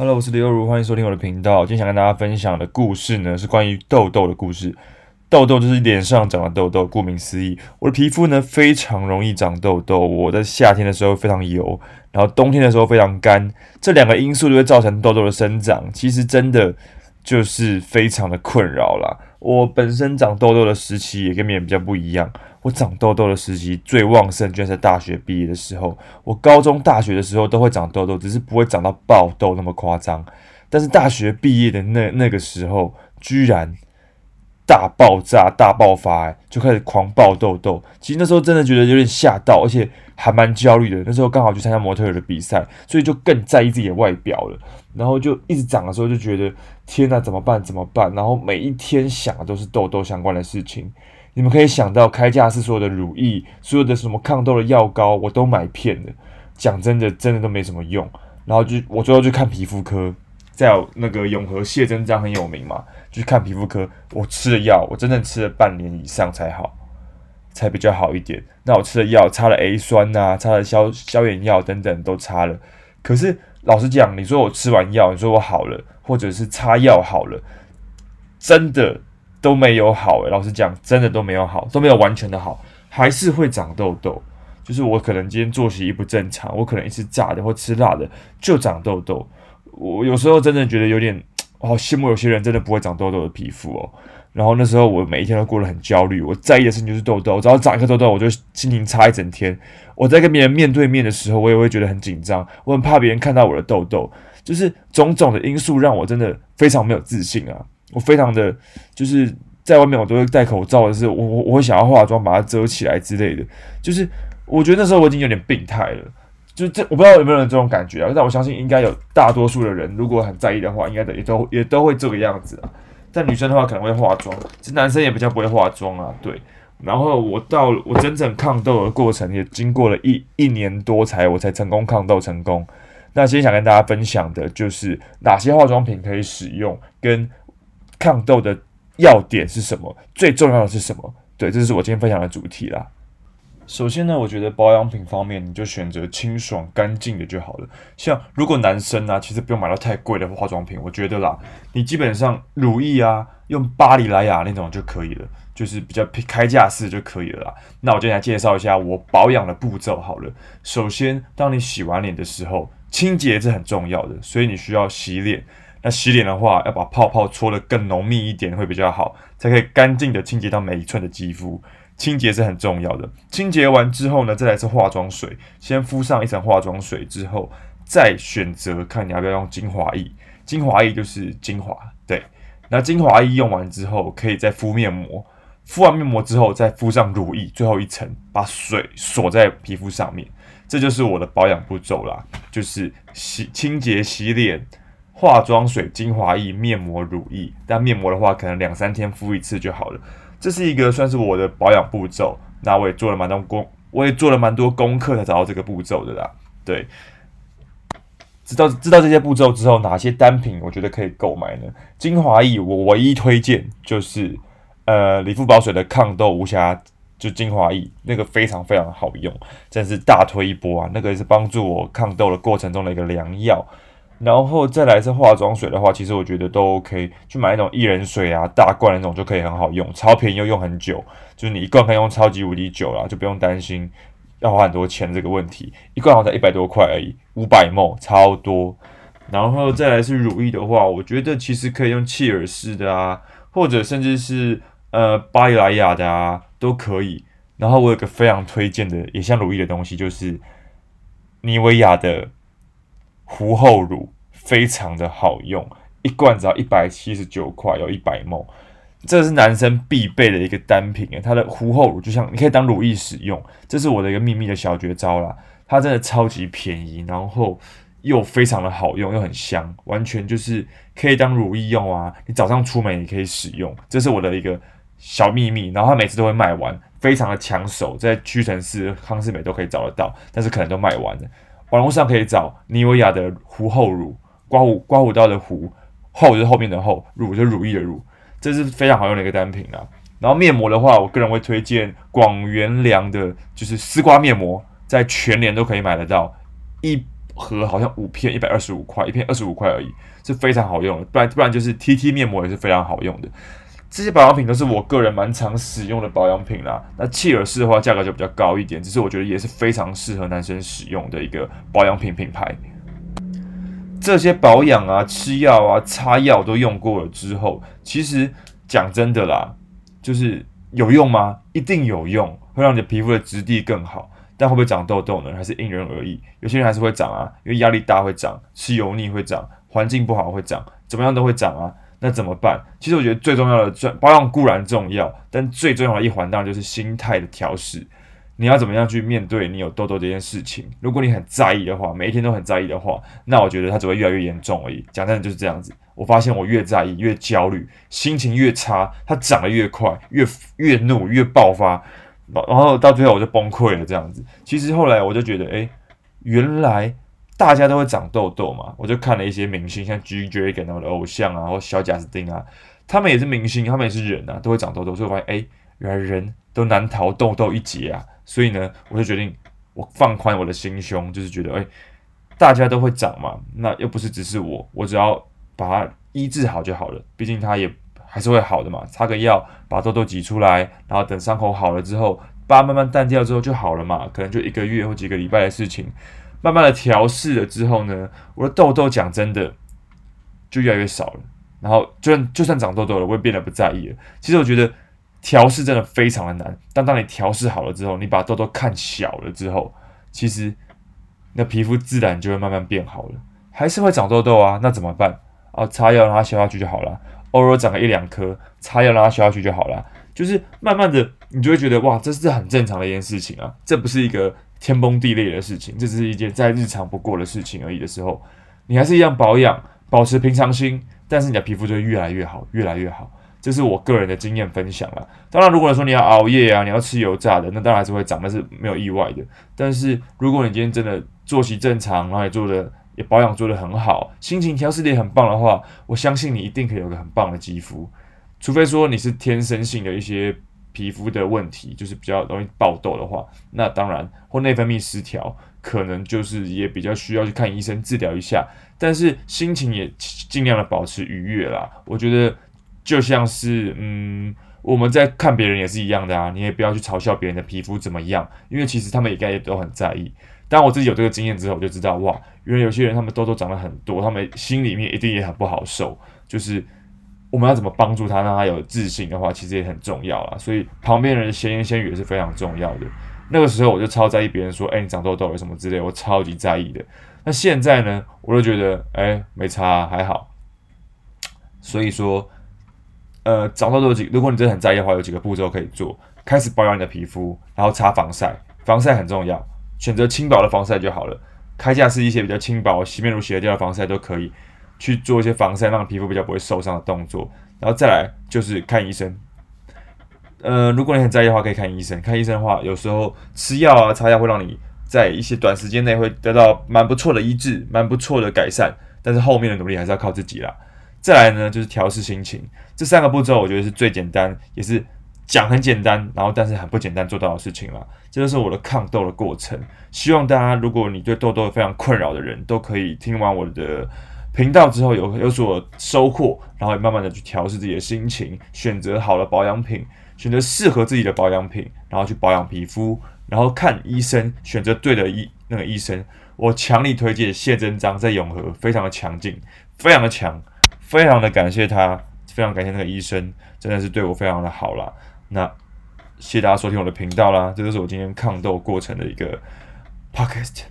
Hello，我是劉如，歡迎收聽我的頻道。今天想跟大家分享的故事呢，是關於痘痘的故事。痘痘就是臉上長了痘痘，顧名思義，我的皮膚呢非常容易長痘痘。我在夏天的時候非常油，然後冬天的時候非常乾，這兩個因素就會造成痘痘的生長。其實真的就是非常的困擾啦。我本身長痘痘的時期也跟別人比較不一樣。我長痘痘的時期最旺盛，居然是在大學畢業的時候。我高中、大學的時候都會長痘痘，只是不會長到爆痘那麼誇張。但是大學畢業的那那個時候，居然大爆炸、大爆發，就開始狂爆痘痘。其實那時候真的覺得有點嚇到，而且還蠻焦慮的。那時候剛好去參加模特兒的比賽，所以就更在意自己的外表了。然後就一直長的時候，就覺得天哪、啊，怎麼辦？怎麼辦？然後每一天想的都是痘痘相關的事情。你們可以想到，開架是所有的乳液，所有的什麼抗痘的藥膏，我都買遍了。講真的，真的都沒什麼用。然後就我最後去看皮膚科，在有那個永和謝增長很有名嘛，去看皮膚科。我吃了藥，我真正吃了半年以上才好，才比較好一點。那我吃了藥，擦了 A 酸吶、啊，擦了消消炎藥等等都擦了。可是老實講，你說我吃完藥，你說我好了，或者是擦藥好了，真的。都沒有好哎、欸，老實講，真的都沒有好，都沒有完全的好，還是會長痘痘。就是我可能今天作息一不正常，我可能一次炸的或吃辣的就長痘痘。我有時候真的覺得有點，好羨慕有些人真的不會長痘痘的皮膚哦、喔。然後那時候我每一天都過得很焦慮，我在意的事情就是痘痘，只要長一顆痘痘，我就心情差一整天。我在跟別人面對面的時候，我也會覺得很緊張，我很怕別人看到我的痘痘，就是種種的因素讓我真的非常沒有自信啊。我非常的，就是在外面我都會戴口罩的，是我我我會想要化妝把它遮起來之類的，就是我覺得那時候我已經有點病態了，就這我不知道有沒有人這種感覺啊，但我相信應該有大多數的人如果很在意的話，應該也都也都會這個樣子啊。但女生的話可能會化妝，其實男生也比較不會化妝啊。對，然後我到我整整抗痘的過程也經過了一一年多才我才成功抗痘成功。那今天想跟大家分享的就是哪些化妝品可以使用跟。抗痘的要點是什麼？最重要的是什麼？對，這是我今天分享的主題啦。首先呢，我覺得保養品方面，你就選擇清爽乾淨的就好了。像如果男生啊，其實不用買到太貴的化妝品，我覺得啦，你基本上乳液啊，用巴黎萊雅那種就可以了，就是比較開架式就可以了啦。那我就來介紹一下我保養的步驟好了。首先，當你洗完臉的時候，清潔是很重要的，所以你需要洗臉。那洗臉的話，要把泡泡搓得更濃密一點會比較好，才可以乾淨的清潔到每一寸的肌膚。清潔是很重要的。清潔完之後呢，再來是化妝水，先敷上一層化妝水之後，再選擇看你要不要用精華液。精華液就是精華，對。那精華液用完之後，可以再敷面膜。敷完面膜之後，再敷上乳液，最後一層把水鎖在皮膚上面。這就是我的保養步驟啦，就是洗清潔洗臉。化妝水、精華液、面膜、乳液。但面膜的話，可能兩三天敷一次就好了。這是一個算是我的保養步驟。那我也做了蠻多功，我也做了蠻多功課才找到這個步驟的啦。對，知道知道這些步驟之後，哪些單品我覺得可以購買呢？精華液我唯一推薦就是呃理膚寶水的抗痘無瑕就精華液，那個非常非常好用，真是大推一波啊！那個也是幫助我抗痘的過程中的一個良藥。然後再來是化妝水的話，其實我覺得都 OK，去買那種薏仁水啊，大罐那種就可以很好用，超便宜又用很久，就是你一罐可以用超級無敵久啦，就不用擔心要花很多錢這個問題，一罐好像才一百多塊而已，五百毫超多。然後再來是乳液的話，我覺得其實可以用契爾氏的啊，或者甚至是呃巴黎萊雅的啊都可以。然後我有個非常推薦的，也像乳液的東西，就是妮維雅的。鬍後乳非常的好用，一罐只要一百七十九塊，有一百 ml，這是男生必備的一個單品啊。它的鬍後乳就像你可以當乳液使用，這是我的一個秘密的小絕招啦。它真的超級便宜，然後又非常的好用，又很香，完全就是可以當乳液用啊。你早上出門也可以使用，這是我的一個小秘密。然後它每次都會賣完，非常的搶手，在屈臣氏、康是美都可以找得到，但是可能都賣完了。網絡上可以找妮維雅的鬍後乳，刮胡、刮鬍刀的胡後是後面的後，乳就是乳液的乳，這是非常好用的一個單品啊。然後面膜的話，我個人會推薦廣源良的，就是絲瓜面膜，在全年都可以買得到，一盒好像五片，一百二十五塊，一片二十五塊而已，是非常好用的。不然不然就是 T T 面膜也是非常好用的。這些保養品都是我個人蠻常使用的保養品啦。那契爾氏的話，價格就比較高一點，只是我覺得也是非常適合男生使用的一個保養品品牌。這些保養啊、吃藥啊、擦藥都用過了之後，其實講真的啦，就是有用嗎？一定有用，會讓你的皮膚的質地更好。但會不會長痘痘呢？還是因人而異。有些人還是會長啊，因為壓力大會長，吃油膩會長，環境不好會長，怎麼樣都會長啊。那怎麼辦？其實我覺得最重要的，這保養固然重要，但最重要的一環當然就是心態的調適。你要怎麼樣去面對你有痘痘這件事情？如果你很在意的話，每一天都很在意的話，那我覺得它只會越來越嚴重而已。講真的就是這樣子。我發現我越在意，越焦慮，心情越差，它長得越快，越越怒越爆發，然後到最後我就崩潰了這樣子。其實後來我就覺得，哎，原來。大家都會長痘痘嘛，我就看了一些明星，像 G Dragon 我的偶像啊，或小賈斯汀啊，他們也是明星，他們也是人啊，都會長痘痘，所以我發現，哎，原來人都難逃痘痘一劫啊。所以呢，我就決定我放寬我的心胸，就是覺得，哎，大家都會長嘛，那又不是只是我，我只要把它醫治好就好了，畢竟它也還是會好的嘛，擦個藥，把痘痘擠出來，然後等傷口好了之後，疤慢慢淡掉之後就好了嘛，可能就一個月或幾個禮拜的事情。慢慢的調適了之後呢，我的痘痘講真的就越來越少了。然後就算就算長痘痘了，我也變得不在意了。其實我覺得調適真的非常的難，但當你調適好了之後，你把痘痘看小了之後，其實你皮膚自然就會慢慢變好了。還是會長痘痘啊？那怎麼辦？哦，擦藥讓它消下去就好了。偶爾長個一兩顆，擦藥讓它消下去就好了。就是慢慢的，你就會覺得哇，這是很正常的一件事情啊，這不是一個天崩地裂的事情，這只是一件再日常不過的事情而已的時候，你還是一樣保養，保持平常心，但是你的皮膚就會越來越好，越來越好，這是我個人的經驗分享啦。當然，如果說你要熬夜啊，你要吃油炸的，那當然還是會長，那是沒有意外的。但是如果你今天真的作息正常啊，然後也做的也保養做得很好，心情調適得很棒的話，我相信你一定可以有個很棒的肌膚。除非說你是天生性的一些皮膚的問題，就是比較容易爆痘的話，那當然或內分泌失調，可能就是也比較需要去看醫生治療一下。但是心情也盡量的保持愉悅啦。我覺得就像是嗯，我們在看別人也是一樣的啊，你也不要去嘲笑別人的皮膚怎麼樣，因為其實他們應該也都很在意。當我自己有這個經驗之後，我就知道哇，原來有些人他們痘痘長了很多，他們心裡面一定也很不好受，就是。我們要怎麼幫助他，讓他有自信的話，其實也很重要啦。所以旁邊人的閒言閒語也是非常重要的。那個時候我就超在意別人說：“哎、欸，你長痘痘了什麼之類。”我超級在意的。那現在呢，我就覺得：“哎、欸，沒差，還好。”所以說，呃，長痘痘，如果你真的很在意的話，有幾個步驟可以做：開始保養你的皮膚，然後擦防曬。防曬很重要，選擇輕薄的防曬就好了。開架是一些比較輕薄、洗面乳洗的掉的防曬都可以。去做一些防曬，讓皮膚比較不會受傷的動作，然後再來就是看醫生。呃，如果你很在意的話，可以看醫生。看醫生的話，有時候吃藥啊、擦藥，會讓你在一些短時間內會得到蠻不錯的醫治、蠻不錯的改善。但是後面的努力還是要靠自己啦。再來呢，就是調試心情。這三個步驟，我覺得是最簡單，也是講很簡單，然後但是很不簡單做到的事情啦。這就是我的抗痘的過程。希望大家，如果你對痘痘非常困擾的人，都可以聽完我的。頻道之後有有所收穫，然後慢慢的去調適自己的心情，選擇好的保養品，選擇適合自己的保養品，然後去保養皮膚，然後看醫生，選擇對的醫那個醫生。我強力推薦謝真章在永和，非常的強勁，非常的強，非常的感謝他，非常感謝那個醫生，真的是對我非常的好了。那謝謝大家收聽我的頻道啦，這就是我今天抗痘過程的一個 podcast。